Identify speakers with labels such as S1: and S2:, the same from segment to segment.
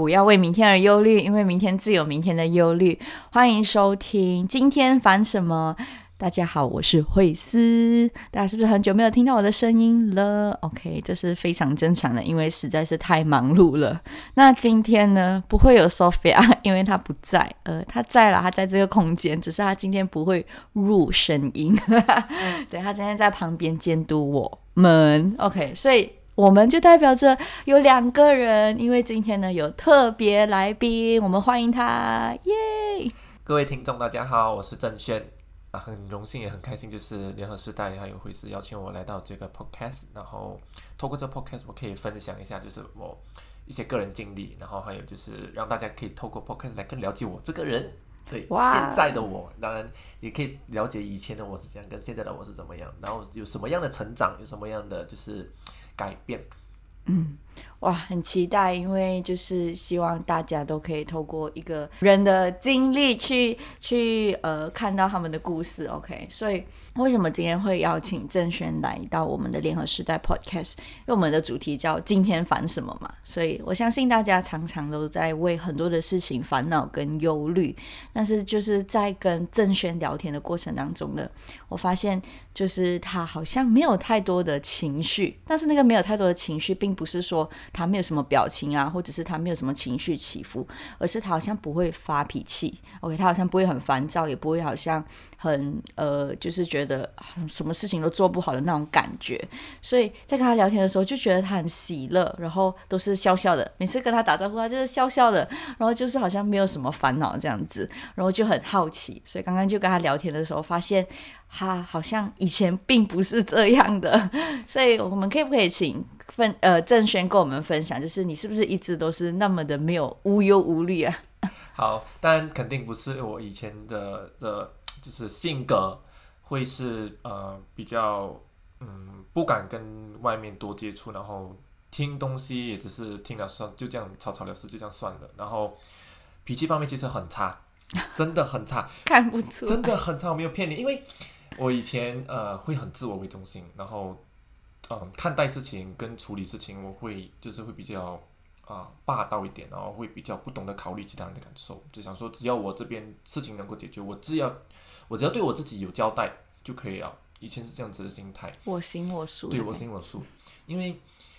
S1: 不要為明天而憂慮，因為明天自有明天的憂慮。歡迎收聽今天煩什麼？大家好，我是惠絲。大家是不是很久沒有聽到我的聲音了？OK，這是非常正常的，因為實在是太忙碌了。那今天呢，不會有 Sophia，因為她不在。呃，她在了，她在這個空間，只是她今天不會入聲音。 對，她今天在，在旁邊監督我們。OK，所以。我們就代表着有兩個人，因為今天呢有特別來賓，我們歡迎他，耶！
S2: 各位聽眾，大家好，我是振瑄，啊，很榮幸也很開心，就是聯合世代還有惠絲邀請我來到這個 podcast，然後透過這個 podcast 我可以分享一下，就是我一些個人經歷，然後還有就是讓大家可以透過 podcast 來更了解我這個人，對，哇，現在的我，當然也可以了解以前的我是怎樣，跟現在的我是怎麼樣，然後有什麼樣的成長，有什麼樣的就是。改變，
S1: 嗯，哇，很期待，因為就是希望大家都可以透過一個人的經歷去去呃看到他們的故事，OK。所以為什麼今天會邀請振瑄來到我們的聯合時代 Podcast？因為我們的主題叫今天煩什麼嘛，所以我相信大家常常都在為很多的事情煩惱跟憂慮，但是就是在跟振瑄聊天的過程當中呢，我發現。就是他好像沒有太多的情緒，但是那個沒有太多的情緒，並不是說他沒有什麼表情啊，或者是他沒有什麼情緒起伏，而是他好像不會發脾氣。OK，他好像不會很煩躁，也不會好像很呃，就是覺得什麼事情都做不好的那種感覺。所以在跟他聊天的時候，就覺得他很喜樂，然後都是笑笑的。每次跟他打招呼，他就是笑笑的，然後就是好像沒有什麼煩惱這樣子，然後就很好奇。所以剛剛就跟他聊天的時候發現。他好像以前並不是這樣的，所以我們可以不可以請呃振瑄跟我們分享，就是你是不是一直都是那麼的沒有無憂無慮啊？
S2: 好，但肯定不是我以前的的、呃，就是性格會是呃比較嗯不敢跟外面多接觸，然後聽東西也只是聽了算，就這樣草草了事就這樣算了，然後脾氣方面其實很差，真的很差，
S1: 看不出真的
S2: 很差，我沒有騙你，因為。我以前呃會很自我為中心，然後嗯、呃、看待事情跟處理事情，我會就是會比較啊、呃、霸道一點，然後會比較不懂得考慮其他人的感受，就想說只要我這邊事情能夠解決，我只要我只要對我自己有交代就可以了。以前是這樣子的心態，
S1: 我行我素，對我行
S2: 我素，因為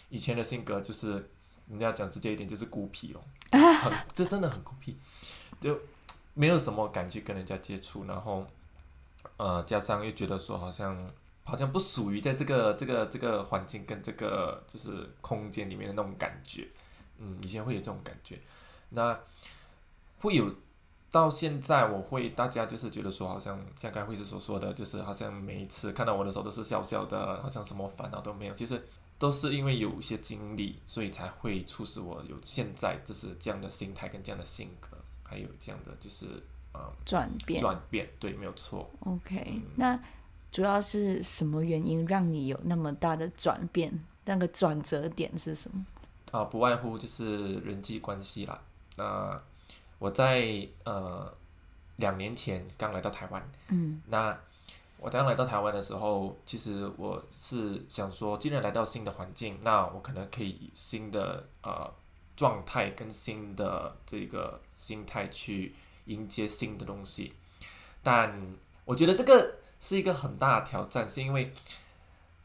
S2: 以前的性格就是人家講直接一點就是孤僻哦，這 真的很孤僻，就沒有什麼敢去跟人家接觸，然後。呃，加上又覺得說好像好像不屬於在這個這個這個環境跟這個就是空間裡面的那種感覺，嗯，以前會有這種感覺，那會有到現在我會大家就是覺得說好像像剛才惠絲所說的，就是好像每一次看到我的時候都是笑笑的，好像什麼煩惱都沒有。其實都是因為有一些經歷，所以才會促使我有現在就是這樣的心態跟這樣的性格，還有這樣的就是。嗯，轉變，轉變，對，沒有錯。
S1: OK，嗯，那主要是什麼原因讓你有那麼大的轉變？那個轉折點是什麼？
S2: 啊，不外乎就是人際關係啦。那我在呃兩年前剛來到台灣，嗯，那我剛來到台灣的時候，其實我是想說，既然來到新的環境，那我可能可以以新的呃狀態跟新的這個心態去。迎接新的東西，但我覺得這個是一個很大的挑戰，是因為，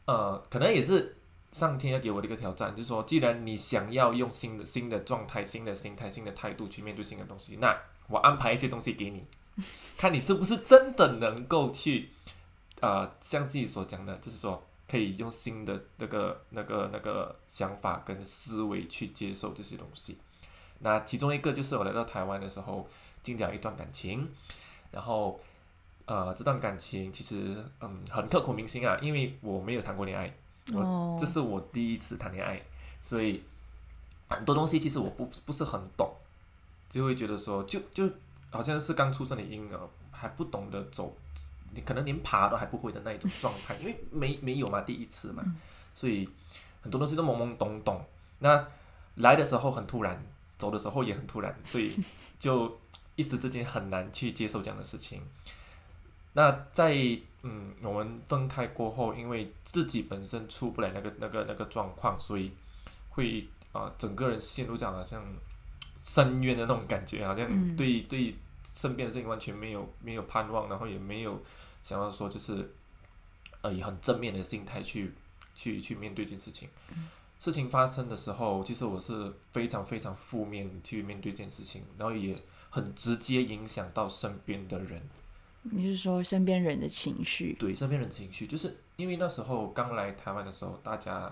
S2: 呃，可能也是上天要給我的一個挑戰，就是說，既然你想要用新的新的狀態、新的心態、新的態度去面對新的東西，那我安排一些東西給你，看你是不是真的能夠去，呃，像自己所講的，就是說，可以用新的那個、那個、那個想法跟思維去接受這些東西。那其中一個就是我來到台灣的時候。經歷了一段感情，然後，呃，這段感情其實嗯很刻骨銘心啊，因為我沒有談過戀愛，哦、oh.，我，這是我第一次談戀愛，所以很多東西其實我不不是很懂，就會覺得說就就好像是剛出生的嬰兒還不懂得走，你可能連爬都還不會的那一種狀態， 因為沒沒有嘛第一次嘛，所以很多東西都懵懵懂懂。那來的時候很突然，走的時候也很突然，所以就。 一時之間很難去接受這樣的事情。那在嗯，我們分開過後，因為自己本身出不來那個那個那個狀況，所以會啊、呃，整個人陷入這樣好像深淵的那種感覺，好像對對身邊的事情完全沒有沒有盼望，然後也沒有想要說就是呃，以很正面的心態去去去面對這件事情。事情發生的時候，其實我是非常非常負面去面對這件事情，然後也。很直接影響到身邊的人。你是說身邊人的情緒？對，身邊人的情緒，就是因為那時候剛來台灣的時候，大家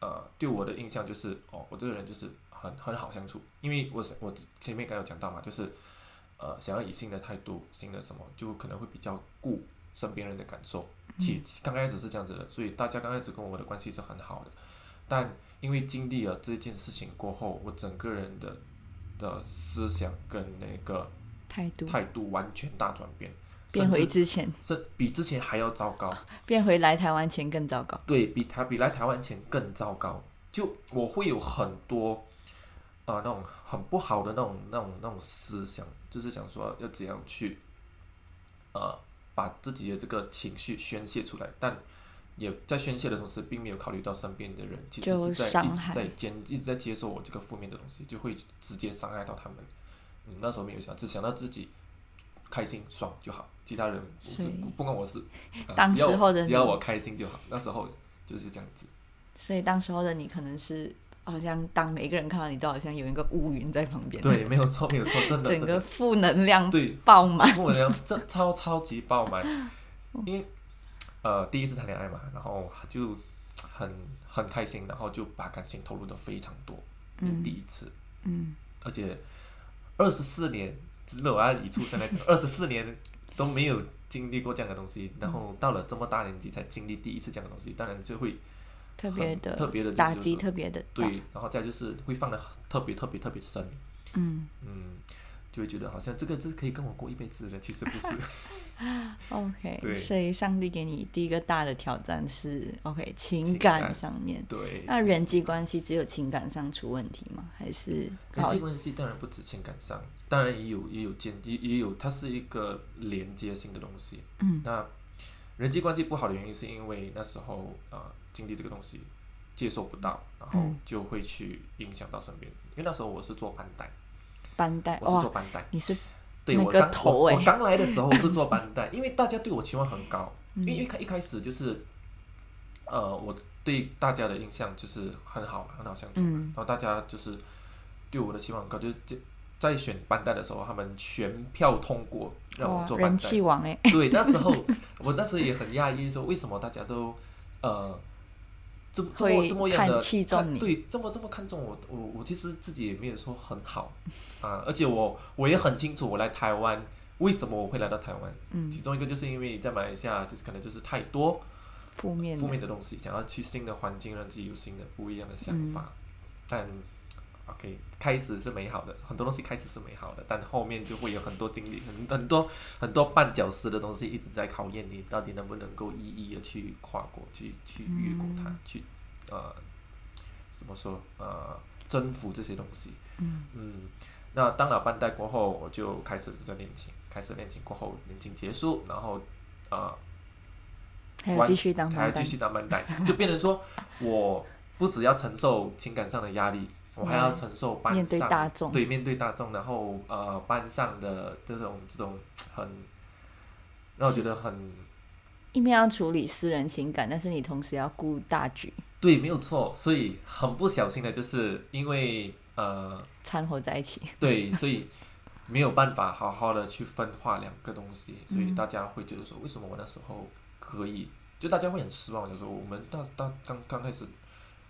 S2: 呃對我的印象就是哦，我這個人就是很很好相處，因為我我前面剛有講到嘛，就是呃想要以新的態度、新的什麼，就可能會比較顧身邊人的感受，嗯、其實剛開始是這樣子的，所以大家剛開始跟我的關係是很好的，但因為經歷了這件事情過後，我整個人的。的思想跟那個態度態度完全大轉變，變回之前是比之前還要糟糕，
S1: 變回來台灣前更糟糕，
S2: 對，比他比來台灣前更糟糕。就我會有很多呃那種很不好的那種那種那種思想，就是想說要怎樣去呃把自己的這個情緒宣洩出來，但。也在宣洩的同時，並沒有考慮到身邊的人，就其實是在一直在接一直在接受我這個負面的東西，就會直接傷害到他們。你、嗯、那時候沒有想，只想到自己開心爽就好，其他人不，所不管我是、呃、當時候的，只要我開心就好。那時候就是這樣子。
S1: 所以當時候的你，可能是好像當每一個人看到你，都好像有一個烏雲在旁邊。對，沒有錯，沒有錯，真的整個負能量對爆滿， 負，負能量真超超級爆滿， 嗯、因為。
S2: 呃，第一次談戀愛嘛，然後就很很開心，然後就把感情投入得非常多。嗯，第一次，嗯，而且二十四年，自我阿、啊、姨出生二十四年都沒有經歷過這樣的東西， 然後到了這麼大年紀才經歷第一次這樣的東西，當然就會特別的特別的打擊，特別的，就是，對，然後再就是會放得特別特別特別深。嗯嗯。就會覺得好像這個這是可以跟我過一輩子的，其實不是。
S1: OK， 對。所以上帝給你第一個大的挑戰是，OK，情感，情感，情感上面。對，那人際關係只有情感上出問題嗎？還是？人際關
S2: 係當然不止情感上，當然也有也有間也也有，也有它是一個連接性的東西。嗯，那人際關係不好的原因是因為那時候呃經歷這個東西接受不到，然後就會去影響到身邊，嗯、因為那時候我是做房貸。
S1: 我是做班代，對，頭欸、我剛我我剛來的時候是
S2: 做班代。 因為大家對我期望很高，嗯、因為一開一開始就是，呃，我對大家的印象就是很好，很好相處，嗯、然後大家就是對我的期望很高，就是在選班代的時候，他們全票通過讓我做班代。人氣
S1: 王欸、對，那時候
S2: 我那時候也很訝異，說為什麼大家都呃。這這麼這麼樣的，對，這麼這麼看重我，我我其實自己也沒有說很好，啊，而且我我也很清楚，我來台灣，為什麼我會來到台灣，嗯，其中一個就是因為在馬來西亞就是可能就是太多
S1: 負面負面的
S2: 東西，想要去新的環境，讓自己有新的不一樣的想法，嗯，但。ok，開始是美好的，很多東西開始是美好的，但後面就會有很多經歷，很很多很多絆腳石的東西一直在考驗你到底能不能夠一一的去跨過，去去越過它，嗯、去呃怎麼說呃征服這些東西。嗯，嗯，那當老班代過後，我就開始這段戀情，開始戀情過後，戀情結束，然後呃，還繼續當班代，還繼續當班代， 就變成說我不只要承受情感上的壓力。我還要承受班上，面對大眾，對，面對大眾，然後呃班上的這種這種很，讓我覺得很，
S1: 一邊要處理私人情感，但是你同時要顧大局，
S2: 對，沒有錯。所以很不小心的就是因為呃
S1: 摻和在一起。對，
S2: 所以沒有辦法好好的去分化兩個東西， 所以大家會覺得說，為什麼我那時候可以？嗯、就大家會很失望，就說我們到到剛剛開始，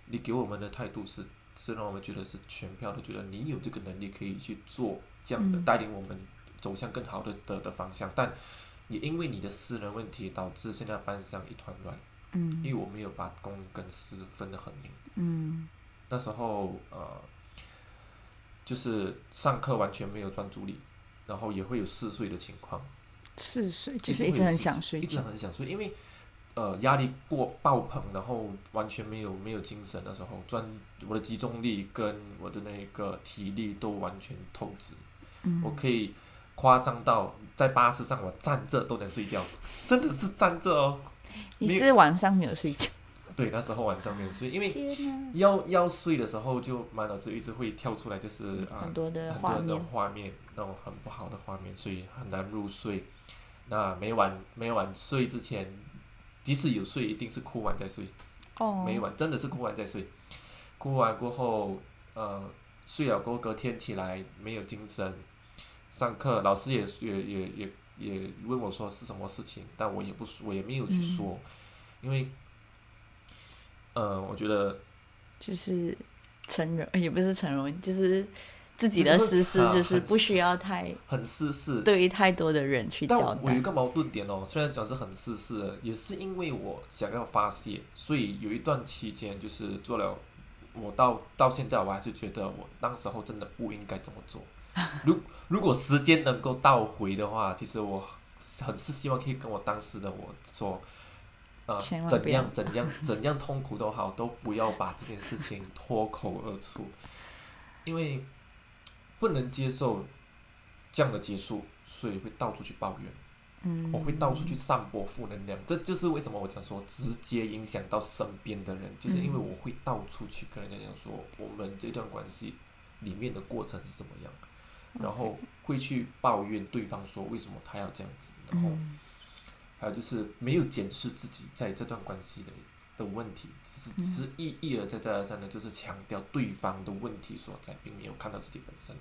S2: 你給我們的態度是。是讓我們覺得是全票都覺得你有這個能力可以去做這樣的、嗯、帶領我們走向更好的的的方向，但也因為你的私人問題導致現在班上一團亂。嗯，因為我沒有把公跟私分得很明。嗯，那時候呃，就是上課完全沒有專注力，然後也會有嗜睡的情況。
S1: 嗜睡就是一直很想睡覺，一直很
S2: 想睡，因為。呃，壓力過爆棚，然後完全沒有沒有精神的時候，專我的集中力跟我的那個體力都完全透支，嗯。我可以誇張到在巴士上我站着都能睡覺，
S1: 真的是站着哦。你是晚上沒有睡覺？
S2: 對，那時候晚上沒有睡，因為要要睡的時候就滿腦子一直會跳出來，就是、呃、很多的很多的畫面，那種很不好的畫面，所以很難入睡。那每晚每晚睡之前。即使有睡，一定是哭完再睡，oh. 沒完，真的是哭完再睡。哭完過後，呃，睡了過後，隔天起來沒有精神，上課老師也也也也也問我說是什麼事情，但我也不，我也沒有去說，嗯、因為，呃，我覺得
S1: 就是成人，也不是成人，就是。自己的私事就是不需要太很私事，對於太多的人去交代。但我有一個
S2: 矛盾點哦，雖然講是很私事，也是因為我想要發洩，所以有一段期間就是做了。我到到現在，我還是覺得我當時候真的不應該這麼做。如果如果時間能夠倒回的話，其實我很是希望可以跟我當時的我說，呃，怎樣怎樣怎樣痛苦都好， 都不要把這件事情脫口而出，因為。不能接受這樣的結束，所以會到處去抱怨。嗯，我會到處去散播負能量，這就是為什麼我講說直接影響到身邊的人，嗯，就是因為我會到處去跟人家講說，我們這段關係裡面的過程是怎麼樣，嗯，然後會去抱怨對方說，為什麼他要這樣子，然後還有就是沒有檢視自己在這段關係的的問題，只是只是一一而再再而三的，就是強調對方的問題所在，並沒有看到自己本身。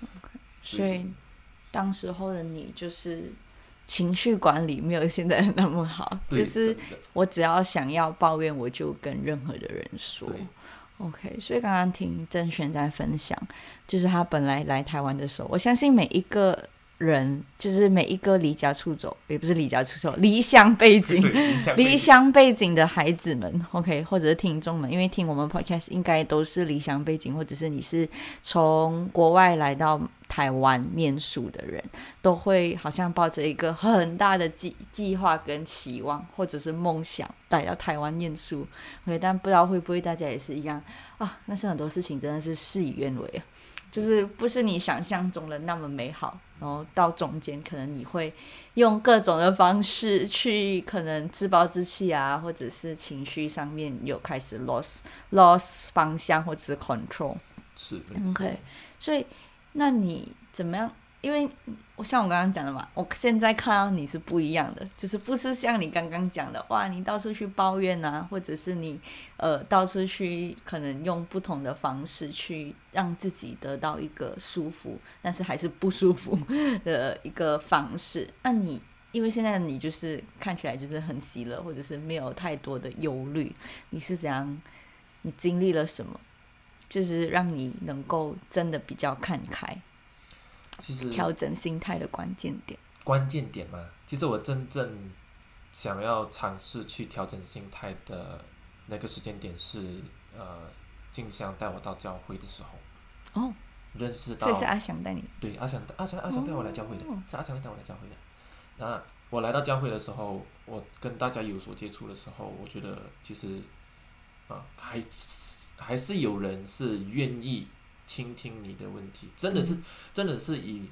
S2: Okay, 所以就
S1: 是，所以，當時候的你就是情緒管理沒有現在那麼好，就是我只要想要抱怨，我就跟任何的人說。OK，所以剛剛聽振瑄在分享，就是他本來來台灣的時候，我相信每一個。人就是每一個離家出走，也不是離家出走，離鄉背景，離 鄉背，背景的孩子們，OK，或者是聽眾們，因為聽我們 Podcast 應該都是離鄉背景，或者是你是從國外來到台灣念書的人，都會好像抱着一個很大的計計劃跟期望，或者是夢想來到台灣念書，OK，但不知道會不會大家也是一樣啊？那是很多事情真的是事與願違啊。就是不是你想象中的那麼美好，然後到中間可能你會用各種的方式去，可能自暴自棄啊，或者是情緒上面有開始 loss loss 方向，或者是 control。是，是，OK，是，所以那你怎麼樣？因為我像我剛剛講的嘛，我現在看到你是不一樣的，就是不是像你剛剛講的哇，你到處去抱怨吶啊，或者是你呃到處去可能用不同的方式去讓自己得到一個舒服，但是還是不舒服的一個方式。那你因為現在你就是看起來就是很喜樂，或者是沒有太多的憂慮，你是怎樣？你經歷了什麼？就是讓你能夠真的比較看開。
S2: 其實調整
S1: 心態的關鍵點，
S2: 關鍵點嘛。其實我真正想要嘗試去調整心態的那個時間點是，呃，靜香帶我到教會的時候。哦。認識到。這是阿翔帶你。對，阿翔，阿翔，阿翔帶我來教會的，哦、是阿翔帶我來教會的。那我來到教會的時候，我跟大家有所接觸的時候，我覺得其實，啊，還是還是有人是願意。傾聽你的問題，真的是，真的是以，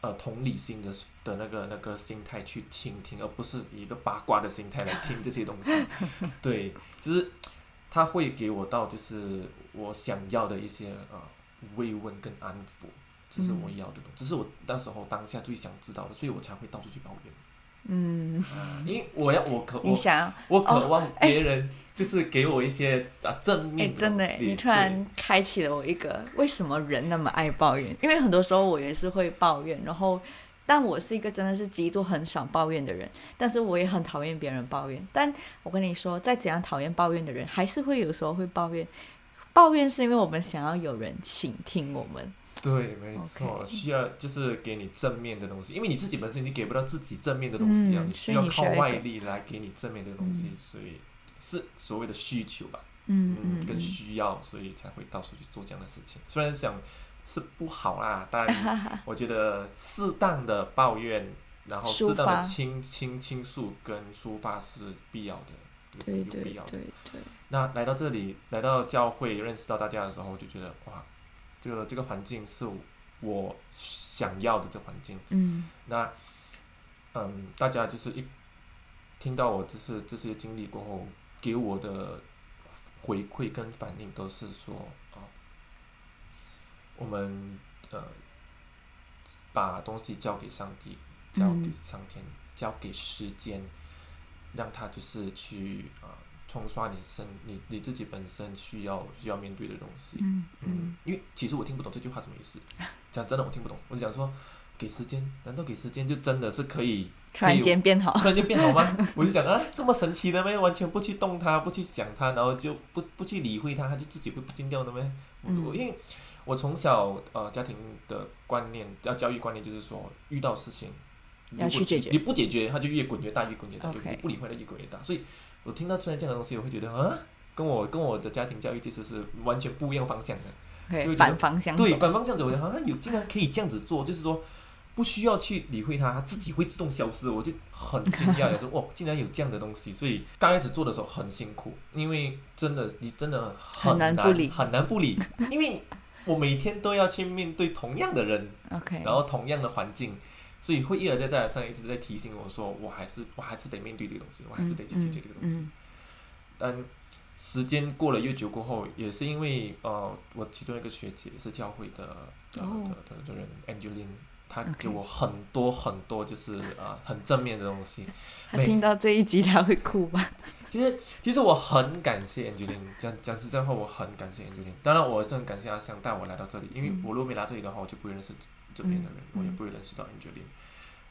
S2: 呃，同理心的的那個那個心態去傾聽，而不是以一個八卦的心態來聽這些東西。 對，其實他會給我到就是我想要的一些呃慰問跟安撫，這、就是我要的只、嗯、是我那時候當下最想知道的，所以我才會到處去抱怨。嗯，因
S1: 為
S2: 我要我渴，我想，我渴望別人、嗯。 就是給我一些、嗯、啊
S1: 正面的東西。欸、真的，你突然開啟了我一個為什麼人那麼愛抱怨？因為很多時候我也是會抱怨，然後但我是一個真的是極度很少抱怨的人，但是我也很討厭別人抱怨。但我跟你說，再怎樣討厭抱怨的人，還是會有時候會抱怨。抱怨是因為我們想要有人傾聽我們。
S2: 對，沒錯，okay. 需要就是給你正面的東西，因為你自己本身你給不到自己正面的東西要、嗯、需要靠外力來給你正面的東西，嗯、所以，所以。是所謂的需求吧，嗯，跟需要，所以才會到處去做這樣的事情。嗯嗯嗯，雖然想是不好啦、啊，但我覺得適當的抱怨， 然後適當的傾傾傾訴跟抒發是必要的，對，有必要。對對。那來到這裡，來到教會，認識到大家的時候，我就覺得哇，這個這個環境是我想要的這環境，嗯。那，嗯，大家就是一聽到我這次這些經歷過後。給我的回饋跟反應都是說啊、哦，我們呃把東西交給上帝，交給上天，嗯、交給時間，讓他就是去啊、呃、沖刷你身你你自己本身需要需要面對的東西。嗯，嗯因為其實我聽不懂這句話什麼意思。講真的，我聽不懂。我只想說。給時間，難道給時間就真的是可以突然間變好，突然變好嗎？ 我就想啊，這麼神奇的咩？完全不去動它，不去想它，然後就不不去理會它，它就自己會不見掉的咩？我、嗯、因為我，我從小呃家庭的觀念，要、啊、教育觀念就是說，遇到事情要去解決，你不解決，它就越滾越大，越滾越大，你、okay. 不理會它越滾越大。所以，我聽到出來這樣的東西，我會覺得啊，跟我跟我的家庭教育其實是完全不一樣方向的，okay, 反方向，對，反方向走，我好像、啊、有竟然可以這樣子做，就是說。不需要去理會它，它自己會自動消失。我就很驚訝，說：“哇，竟然有這樣的東西！”所以剛開始做的時候很辛苦，因為真的你真的很難很難不理，很難不理 因為我每天都要去面對同樣的人，Okay. 然後同樣的環境，所以會一而再再而三一直在提醒我說：“我還是我還是得面對這個東西，我還是得去解決這個東西。嗯嗯嗯”但時間過了越久過後，也是因為呃，我其中一個學姐是教會的、呃、的的，的人，Angeline。他給我很多很多，就是啊、okay. 呃，很正面的東西。
S1: 每 聽到這一集，他會哭吧？其實，
S2: 其實我很感謝 Angelina 講講實在話，我很感謝 Angelina。當然，我是很感謝阿香帶我來到這裡，因為我如果沒來這裡的話，我就不會認識這這邊的人，嗯，我也不會認識到 Angelina，嗯。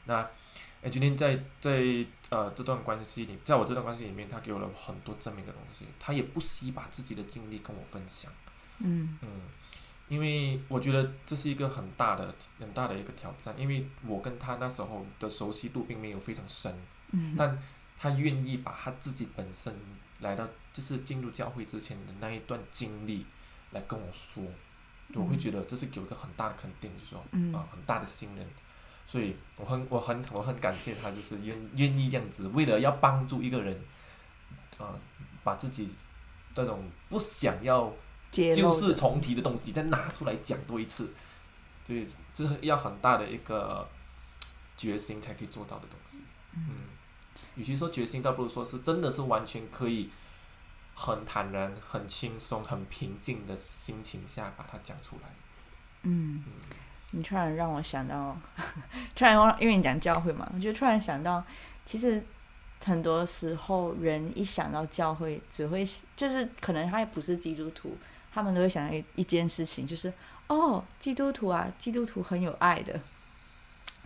S2: 那 Angelina 在在呃這段關係裡，在我這段關係裡面，他給我了很多正面的東西，他也不惜把自己的經歷跟我分享。嗯嗯。因為我覺得這是一個很大的、很大的一個挑戰，因為我跟他那時候的熟悉度並沒有非常深，嗯，但他願意把他自己本身來到，就是進入教會之前的那一段經歷來跟我說，嗯，我會覺得這是給我一個很大的肯定就，就說啊，很大的信任，所以我很、我很、我很感謝他，就是願、嗯、願意這樣子，為了要幫助一個人，嗯、呃，把自己這種不想要舊事、就是、重提的東西再拿出來講多一次，所以這是要很大的一個決心才可以做到的東西。
S1: 嗯，
S2: 與、嗯、其說決心，倒不如說是真的是完全可以很坦然、很輕鬆、很平靜的心情下把它講出來
S1: 嗯。嗯，你突然讓我想到，突然因為因為你講教會嘛，我就突然想到，其實很多時候人一想到教會，只會就是可能他也不是基督徒。他們都會想到一一件事情，就是哦，基督徒啊，基督徒很有愛的。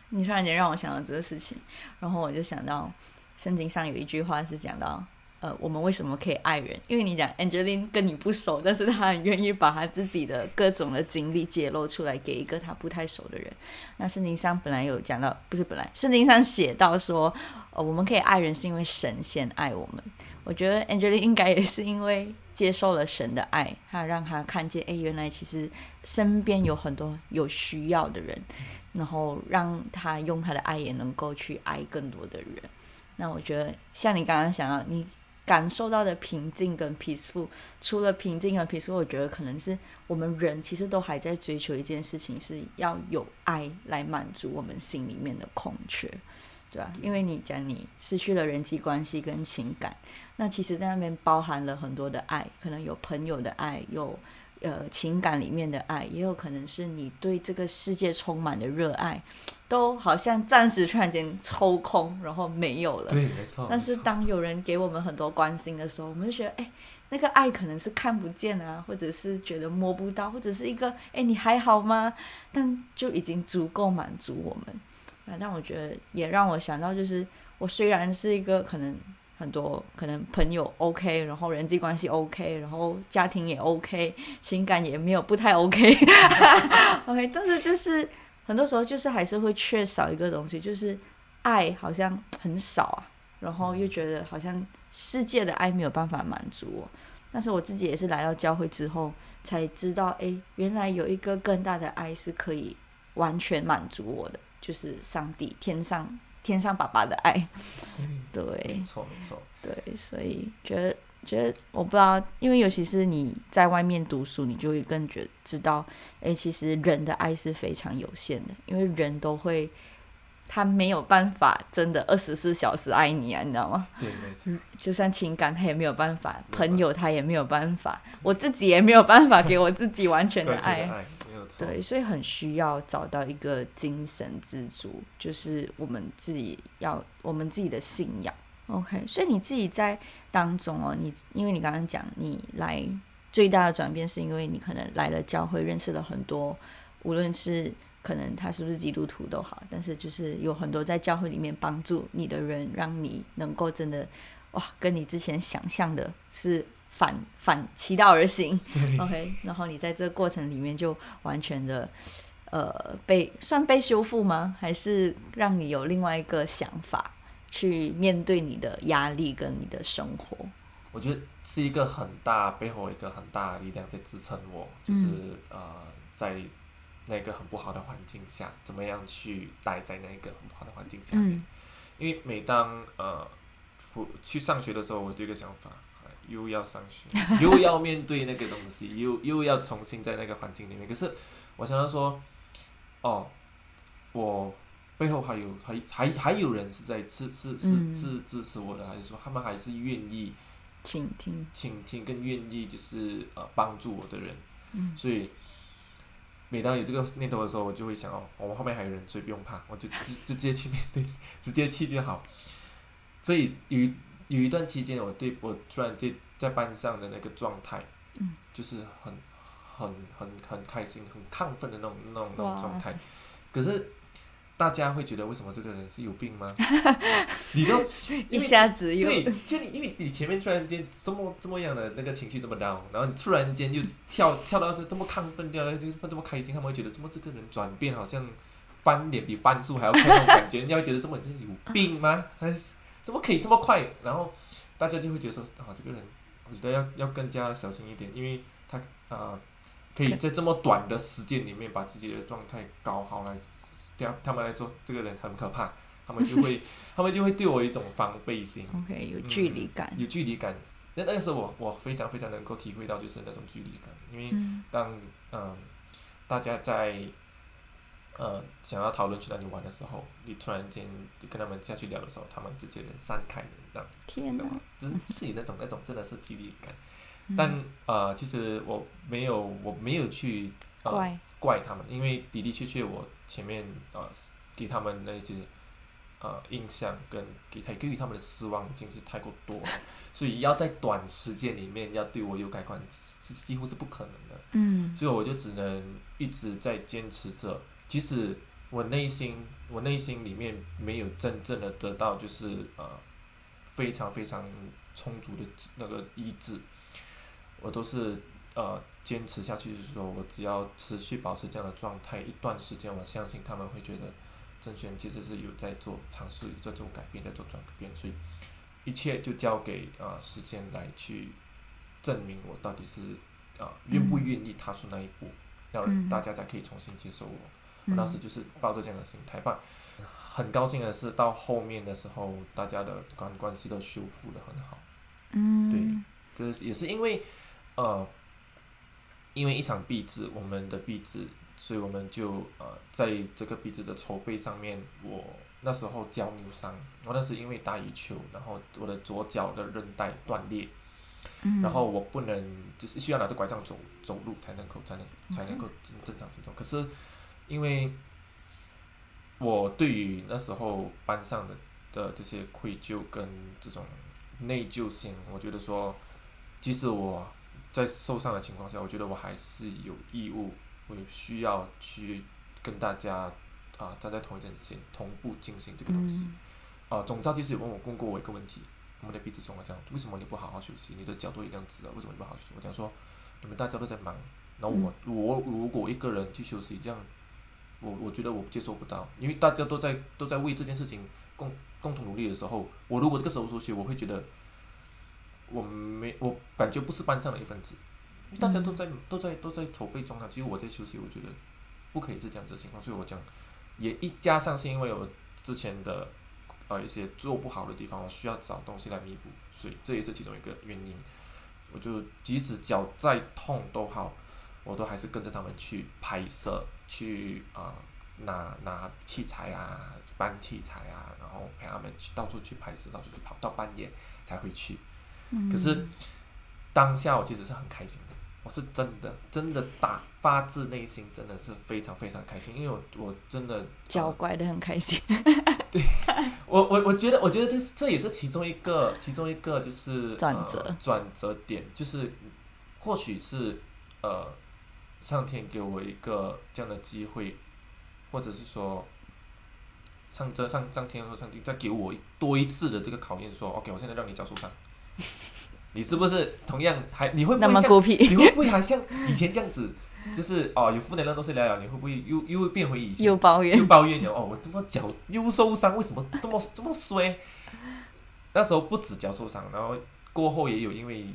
S1: 你突然間讓我想到這個事情，然後我就想到聖經上有一句話是講到，呃，我們為什麼可以愛人？因為你講 Angelina 跟你不熟，但是他很願意把他自己的各種的經歷揭露出來給一個他不太熟的人。那聖經上本來有講到，不是本來聖經上寫到說，呃，我們可以愛人是因為神先愛我們。我覺得 Angelina 應該也是因為。接受了神的愛，他讓他看見，誒，原來其實身邊有很多有需要的人，然後讓他用他的愛也能夠去愛更多的人。那我覺得，像你剛剛講到，你感受到的平靜跟 peaceful，除了平靜和 peaceful，我覺得可能是我們人其實都還在追求一件事情，是要有愛來滿足我們心裡面的空缺。對啊，因為你講你失去了人際關係跟情感，那其實，在那邊包含了很多的愛，可能有朋友的愛，有呃情感裡面的愛，也有可能是你對這個世界充滿的熱愛，都好像暫時突然間抽空，然後沒有了。對，沒錯。但是當有人給我們很多關心的時候，我們就覺得，哎，那個愛可能是看不見啊，或者是覺得摸不到，或者是一個，哎，你還好嗎？但就已經足夠滿足我們。反正我覺得也讓我想到，就是我雖然是一個可能很多可能朋友 OK，然後人際關係 OK，然後家庭也 OK，情感也沒有不太 OK，OK，、OK okay, 但是就是很多時候就是還是會缺少一個東西，就是愛好像很少啊，然後又覺得好像世界的愛沒有辦法滿足我，但是我自己也是來到教會之後才知道，哎，原來有一個更大的愛是可以完全滿足我的。就是上帝，天上天上爸爸的愛，嗯、對，沒錯沒錯，對，所以覺得覺得我不知道，因為尤其是你在外面讀書，你就會更覺知道，哎、欸，其實人的愛是非常有限的，因為人都會，他沒有辦法真的二十四小時愛你啊，你知道嗎？對，沒錯、嗯，就算情感他也沒有辦法，朋友他也沒有辦法，我自己也沒有辦法給我自己完全的愛。 對，所以很需要找到一個精神支柱，就是我們自己要我們自己的信仰。OK，所以你自己在當中哦，你因為你剛剛講你來最大的轉變，是因為你可能來了教會，認識了很多，無論是可能他是不是基督徒都好，但是就是有很多在教會裡面幫助你的人，讓你能夠真的哇，跟你之前想象的是。反反其道而行，OK，然後你在這個過程裡面就完全的，呃，被算被修復嗎？還是讓你有另外一個想法去面對你的壓力跟你的生活？
S2: 我覺得是一個很大背後一個很大的力量在支撐我，就是、嗯、呃，在那個很不好的環境下，怎麼樣去待在那個很不好的環境下面、嗯？因為每當呃我去上學的時候，我有一個想法。又要上學，又要面對那個東西， 又又要重新在那個環境裡面。可是，我想到說，哦，我背後還有還還還有人是在支持、支支支持我的、嗯，還是說他們還是願意傾聽、傾聽，更願意就是呃幫助我的人。嗯、所以每當有這個念頭的時候，我就會想哦，我們後面還有人，所以不用怕，我就直直接去面對， 直接去就好。所以與有一段期間，我對我突然間在班上的那個狀態，就是很、嗯、很很很開心、很亢奮的那種那種那種狀態。可是大家會覺得，為什麼這個人是有病嗎？ 你都
S1: 一下子又對，
S2: 就你因為你前面突然間這麼這麼樣的那個情緒這麼 down，然後你突然間就跳 跳到這這麼亢奮掉了，就這麼開心，他們會覺得怎麼這個人轉變好像翻臉比翻書還要快，感 覺你要覺得這麼有病嗎？啊還是怎麼可以這麼快？然後大家就會覺得說啊，這個人，我覺得要要更加小心一點，因為他啊、呃，可以在這麼短的時間裡面把自己的狀態搞好了。對他們來說，這個人很可怕，他們就會 他們就會對我有一種防備心。Okay, 有距離感、嗯。有距離感，但那那時候我我非常非常能夠體會到就是那種距離感，因為當嗯、呃、大家在。呃，想要討論去哪裡玩的時候，你突然間就跟他們下去聊的時候，他們直接人散開的，天哪、啊！真、就是以那種那種真的是激勵感。嗯、但呃，其實我沒有我沒有去、呃、怪怪他們，因為的的確確我前面呃給他們那些呃印象跟給他給予他們的失望已經是太過多了，所以要在短時間裡面要對我有改觀，幾乎是不可能的。嗯，所以我就只能一直在堅持着。其實我內心，我內心裡面沒有真正的得到，就是呃，非常非常充足的那個醫治，我都是呃堅持下去，就是說我只要持續保持這樣的狀態一段時間，我相信他們會覺得振瑄其實是有在做嘗試，在做改變，在做轉變，所以一切就交給呃時間來去證明我到底是啊、呃、願不願意踏出那一步，要、嗯、大家才可以重新接受我。我當時就是抱着這樣的心態吧，吧、嗯，很高興的是，到後面的時候，大家的關關係都修復得很好。嗯，對，這是也是因為，呃，因為一場畢製，我們的畢製，所以我們就呃，在這個畢製的籌備上面，我那時候腳扭傷，我那時因為打羽球，然後我的左腳的韌帶斷裂，嗯，
S1: 然後
S2: 我不能就是需要拿着拐杖走走路才能夠才能、嗯、才能夠正，正常行走，可是。因為，我對於那時候班上的的這些愧疚跟這種內疚性，我覺得說，即使我在受傷的情況下，我覺得我還是有義務，我也需要去跟大家啊、呃、站在同一陣線，同步進行這個東西。啊、嗯呃，總教其實有問我問過我一個問題，我們的彼此中我講，為什麼你不好好休息，你的角度也這樣子啊？為什麼你不好好休息？我講說，你們大家都在忙，那我、嗯、我如果一個人去休息，這樣。我我覺得我接受不到，因為大家都在都在為這件事情共共同努力的時候，我如果這個時候休息，我會覺得，我沒我感覺不是班上的一份子，因為大家都在都在都在籌備中啊，只有我在休息，我覺得，不可以是這樣子的情況，所以我講，也一加上是因為我之前的呃一些做不好的地方，我需要找東西來彌補，所以這也是其中一個原因，我就即使腳再痛都好。我都還是跟着他們去拍攝，去啊、呃、拿拿器材啊，搬器材啊，然後陪他們去到處去拍攝，到處去跑，到半夜才回去。可是、嗯、當下我其實是很開心的，我是真的真的打發自內心，真的是非常非常開心，因為我我真的
S1: 腳拐的很開心。
S2: 對，我我我覺得我覺得這這也是其中一個其中一個就是轉折、呃、轉折點，就是或許是呃。上天給我一個這樣的機會，或者是說，上這上上天和上帝再給我多一次的這個考驗說，說 OK，我現在讓你腳受傷， 你是不是同樣還你會，會那麼孤僻， 你會不會還像以前這樣子，就是哦，有負能量東西來了，你會不會又又，又變回以前又抱怨又抱怨，然後哦，我怎麼腳又受傷，為什麼這麼這麼衰？ 那時候不止腳受傷，然後過後也有因為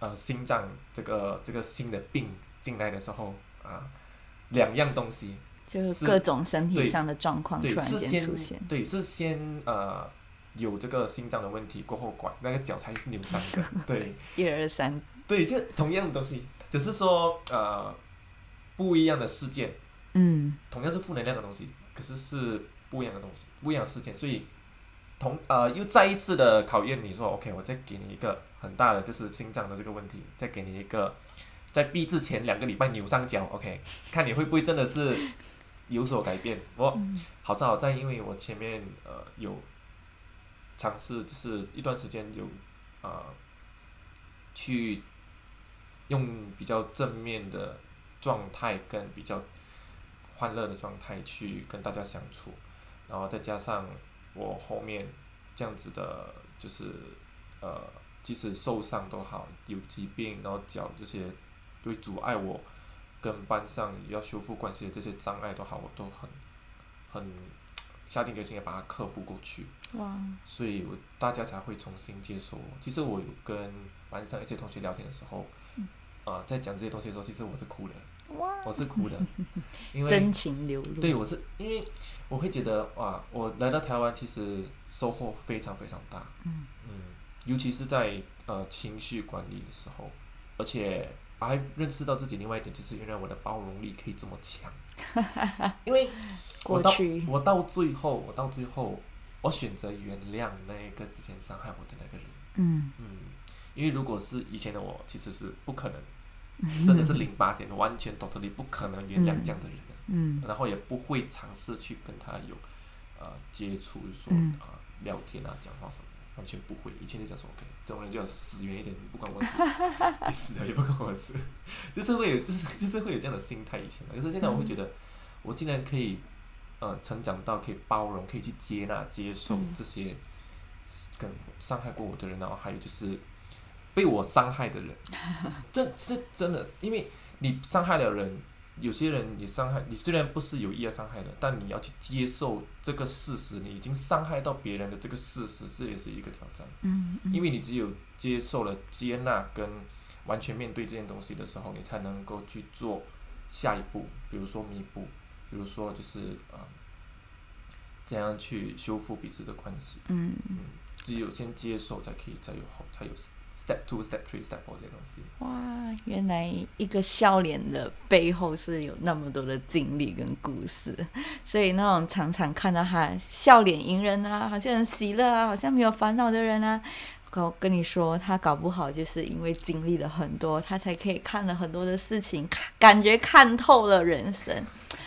S2: 呃心臟這個這個新的病。進來的時候啊，兩樣東西，
S1: 就是各種身體上的狀況對，突然間出現，
S2: 對，是先，是先呃有這個心臟的問題過後拐那個腳才扭傷的， 對，
S1: 一二三，
S2: 對，就同樣的東西，只是說呃不一樣的事件，嗯，同樣是負能量的東西，可是是不一樣的東西，不一樣的事件，所以同呃又再一次的考驗你說，OK，我再給你一個很大的就是心臟的這個問題，再給你一個。在閉之前兩個禮拜扭上腳，OK，看你會不會真的是有所改變。我好在好在，因為我前面呃有嘗試，就是一段時間有啊，呃，去用比較正面的狀態，跟比較歡樂的狀態去跟大家相處，然後再加上我後面這樣子的，就是呃即使受傷都好，有疾病，然後腳這些。會阻礙我跟班上要修復關係的這些障礙都好，我都很很下定決心要把它克服過去。哇！所以我大家才會重新接受。其實我跟班上一些同學聊天的時候，啊、嗯呃，在講這些東西的時候，其實我是哭的，我是哭的，
S1: 因為真情流露。對我是
S2: 因為我會覺得哇，我來到台灣其實收穫非常非常大。嗯，嗯尤其是在呃情緒管理的時候，而且。我還認識到自己另外一點，就是原來我的包容力可以這麼強，因
S1: 為我到
S2: 過去我到最後，我到最後，我選擇原諒那個之前傷害我的那個人，嗯，嗯，因為如果是以前的我，其實是不可能，嗯、真的是零巴仙完全 totally 不可能原諒這樣的人的，嗯，然後也不會嘗試去跟他有呃接觸，說啊、呃、聊天啊，講話什麼。完全不會，以前就想說 OK，這種人就要死遠一點，不關我事，你死了也不關我事， 就是會有，就是就是會有這樣的心態。以前，可是現在，我會覺得，我竟然可以，呃，成長到可以包容、可以去接納、接受這些，跟傷害過我的人，然後還有就是被我傷害的人，這是真的，因為你傷害了人。有些人，你傷害，你雖然不是有意要傷害的，但你要去接受這個事實，你已經傷害到別人的這個事實，這也是一個挑戰。嗯嗯，因為你只有接受了、接納跟完全面對這件東西的時候，你才能夠去做下一步，比如說彌補，比如說就是嗯怎樣去修復彼此的關係。嗯，只有先接受，才可以再有後，才有。Step two, step three, step
S1: four 哇，原來一個笑臉的背後是有那麼多的經歷跟故事，所以那種常常看到他笑臉迎人啊，好像很喜樂啊，好像沒有煩惱的人啊，搞跟你說，他搞不好就是因為經歷了很多，他才可以看了很多的事情，感覺看透了人生。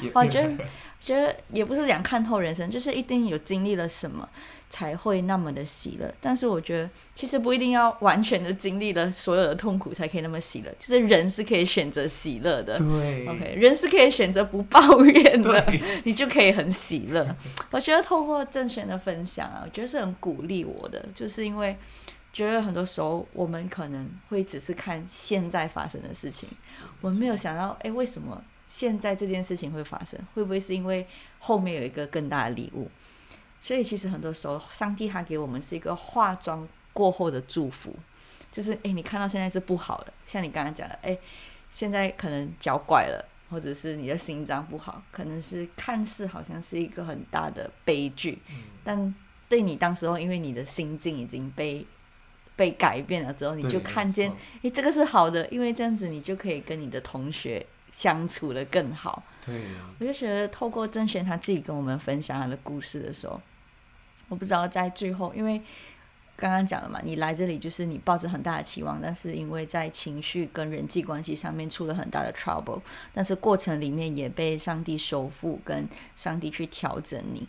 S1: Yep. 我覺得， 覺得也不是講看透人生，就是一定有經歷了什麼。才會那麼的喜樂，但是我覺得其實不一定要完全的經歷了所有的痛苦才可以那麼喜樂，就是人是可以選擇喜樂的。對，OK，人是可以選擇不抱怨的，你就可以很喜樂。我覺得透過振瑄的分享啊，我覺得是很鼓勵我的，就是因為覺得很多時候我們可能會只是看現在發生的事情，我們沒有想到，哎，為什麼現在這件事情會發生？會不會是因為後面有一個更大的禮物？所以其實很多時候，上帝他給我們是一個化妝過後的祝福，就是哎，你看到現在是不好的，像你剛剛講的，哎，現在可能腳拐了，或者是你的心臟不好，可能是看似好像是一個很大的悲劇，嗯、但對你當時候，因為你的心境已經被被改變了之後，你就看見哎、哦，這個是好的，因為這樣子你就可以跟你的同學相處得更好。對、啊，我就覺得透過振瑄他自己跟我們分享他的故事的時候。我不知道在最後，因為剛剛講了嘛，你來這裡就是你抱着很大的期望，但是因為在情緒跟人際關係上面出了很大的 trouble，但是過程裡面也被上帝收復跟上帝去調整你。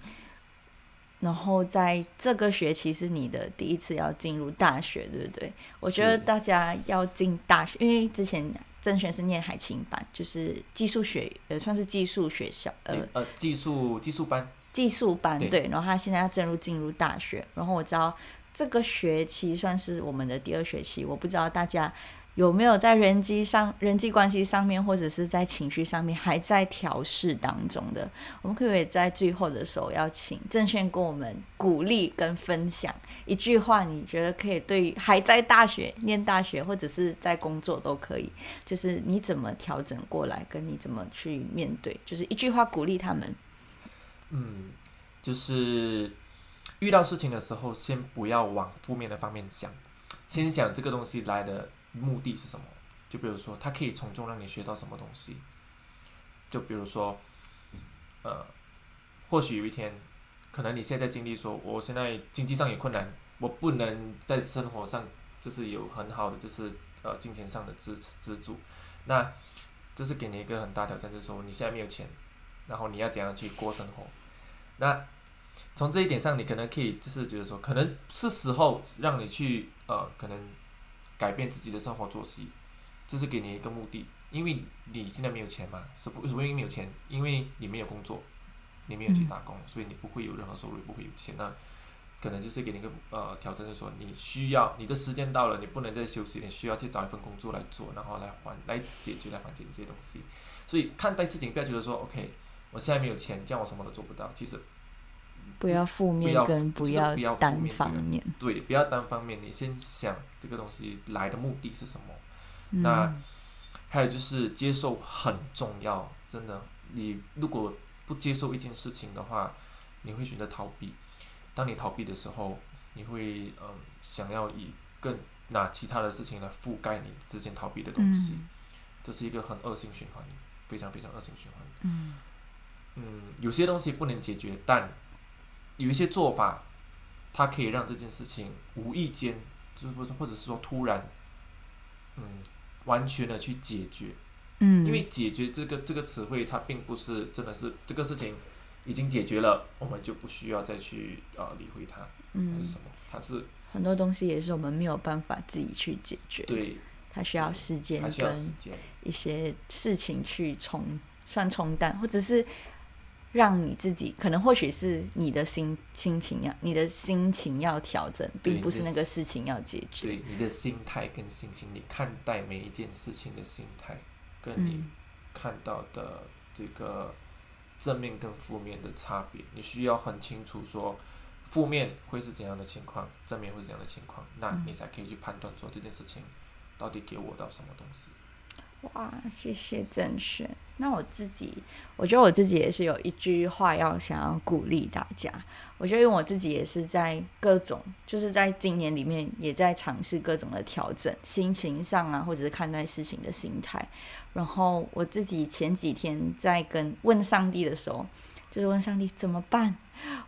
S1: 然後在這個學期是你的第一次要進入大學，對不對？我覺得大家要進大學，因為之前振瑄是念海青班，就是技術學，呃，算是技術學校，呃
S2: 呃，技術技術班。
S1: 技術班對，對，然後他現在要進入進入大學，然後我知道這個學期算是我們的第二學期，我不知道大家有沒有在人際上、人際關係上面，或者是在情緒上面還在調試當中的，我們可不可以在最後的時候要請振瑄給我們鼓勵跟分享一句話？你覺得可以對於還在大學念大學，或者是在工作都可以，就是你怎麼調整過來，跟你怎麼去面對，就是一句話鼓勵他們。嗯
S2: 嗯，就是遇到事情的時候，先不要往負面的方面想，先想這個東西來的目的是什麼。就比如說，它可以從中讓你學到什麼東西。就比如說，呃，或許有一天，可能你現在經歷說，我現在經濟上有困難，我不能在生活上就是有很好的就是呃金錢上的支支柱，那這是給你一個很大挑戰，就是說你現在沒有錢，然後你要怎樣去過生活？那從這一點上，你可能可以就是覺得說，可能是時候讓你去呃，可能改變自己的生活作息，這、就是給你一個目的，因為你現在沒有錢嘛，是不？是為什麼沒有錢，因為你沒有工作，你沒有去打工，所以你不會有任何收入，不會有錢、啊。那可能就是給你一個呃挑戰，就是說你需要你的時間到了，你不能再休息，你需要去找一份工作來做，然後來還來解決來緩解這些東西。所以看待事情不要覺得說 OK。我現在沒有錢，這樣我什麼都做不到。其實不要負面跟
S1: 不要單方面，不要不不要負面
S2: 對，對，不要單方面。你先想這個東西來的目的是什麼、嗯？那還有就是接受很重要，真的。你如果不接受一件事情的話，你會選擇逃避。當你逃避的時候，你會嗯想要以更拿其他的事情來覆蓋你之前逃避的東西、嗯，這是一個很惡性循環，非常非常惡性循環。嗯嗯，有些東西不能解決，但有一些做法，它可以讓這件事情無意間，就是或者是說突然，嗯，完全的去解決。嗯，因為解決這個這個詞彙，它並不是真的是這個事情已經解決了，我們就不需要再去呃理會它，嗯，還是什麼？它是
S1: 很多東西也是我們沒有辦法自己去解決。對，它需要時間跟一些事情去沖，算沖淡，或者是。讓你自己可能或許是你的心心情，要你的心情要調整，並不是那個事
S2: 情要解決。對，你的，對你的心態跟心情，你看待每一件事情的心態，跟你看到的這個正面跟負面的差別，嗯。你需要很清楚說，負面會是怎樣的情況，正面會是怎樣的情況，那你才可以去判斷說這件事情到底給我到什麼東西。
S1: 哇，謝謝振瑄。那我自己，我覺得我自己也是有一句話要想要鼓勵大家。我覺得，因為我自己也是在各種，就是在今年裡面也在嘗試各種的調整，心情上啊，或者是看待事情的心態。然後我自己前幾天在跟問上帝的時候，就是問上帝怎麼辦？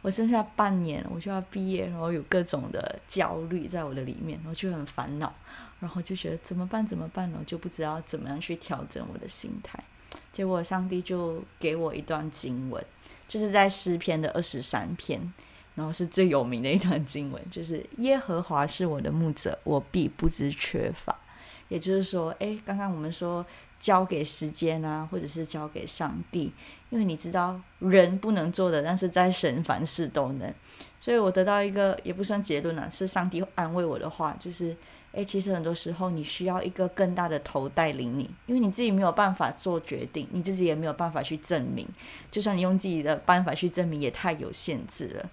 S1: 我剩下半年，我就要畢業，然後有各種的焦慮在我的裡面，然後就很煩惱。然後就覺得怎麼辦？怎麼辦呢？我就不知道怎麼樣去調整我的心態。結果上帝就給我一段經文，就是在詩篇的二十三篇，然後是最有名的一段經文，就是“耶和華是我的牧者，我必不致缺乏。”也就是說，誒，剛剛我們說交給時間啊，或者是交給上帝，因為你知道人不能做的，但是在神凡事都能。所以我得到一個也不算結論啊，是上帝安慰我的話，就是。誒、欸，其實很多時候你需要一個更大的頭帶領你，因為你自己沒有辦法做決定，你自己也沒有辦法去證明。就算你用自己的辦法去證明，也太有限制了。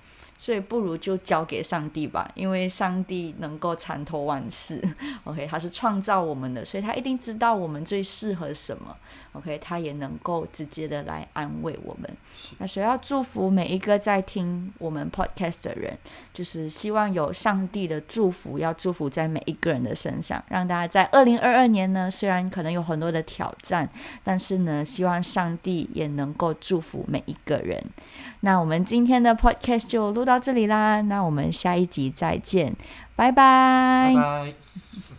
S1: 所以不如就交給上帝吧，因為上帝能夠參透萬事。OK，他是創造我們的，所以他一定知道我們最適合什麼。OK，他也能夠直接的來安慰我們。那所以要祝福每一個在聽我們 Podcast 的人，就是希望有上帝的祝福，要祝福在每一個人的身上，讓大家在二零二二年呢，雖然可能有很多的挑戰，但是呢，希望上帝也能夠祝福每一個人。那我們今天的 Podcast 就錄到這裡啦，那我們下一集再見，拜拜。
S2: Bye bye.